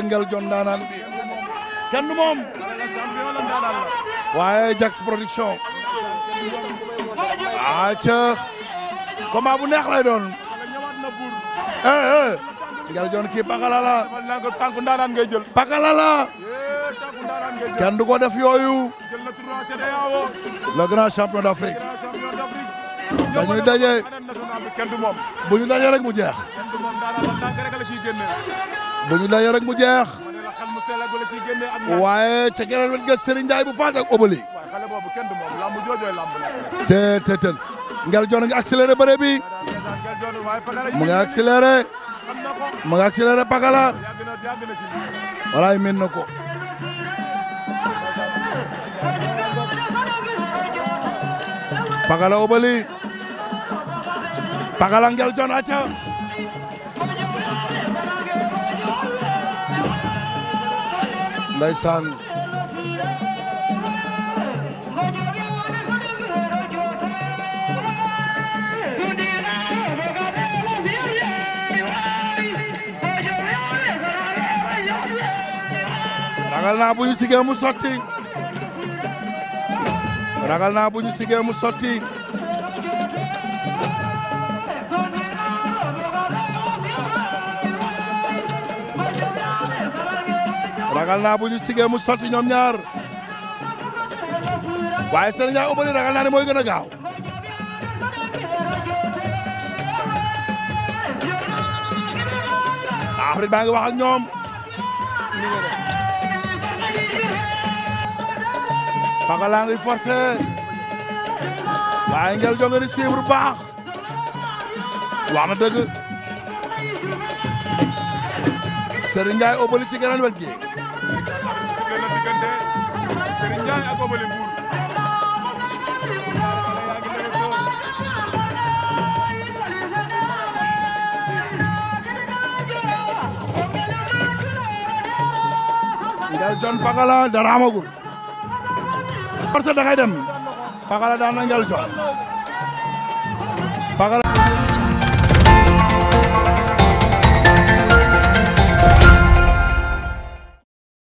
Ngel Jon ndaanaan kenn moom waaye Jax production a ca bu neex lay doon eh eh Ngel Jon kii pakala la tànku ndaanaan ngay jël pakala la kenn du def yooyu le champion d'Afrique dañuy daje bu ñu daje rek mu jeex. bu ñu daje rek mu jeex. waaye ca geneen wet ga Serigne Ndiaye bu Fass ak Obali. c'est tëtël ngel joon nga accéléré bëre bi mu nga accéléré mu nga accéléré pakala walaay mën na ko. Pakala Obali Pakala Ngel John aca ndeysaan ragal naa bu ñu sigee mu sotti ragal naa bu ñu sigee mu sotti ragal naa bu ñu mu sotti ñoom ñaar waaye seen ñaar naa ne mooy gën a gaaw Afrique baa ngi wax ak ñoom Pakala ngi forcé waaye Ngel jonge ni suivre baax wax na dëgg Serigne Ndiaye ci geneen wet gi Serigne Ndiaye ak Ngel Jon Pakala dara amagul parce que da ngay dem Pakala daan na Ndiol Dior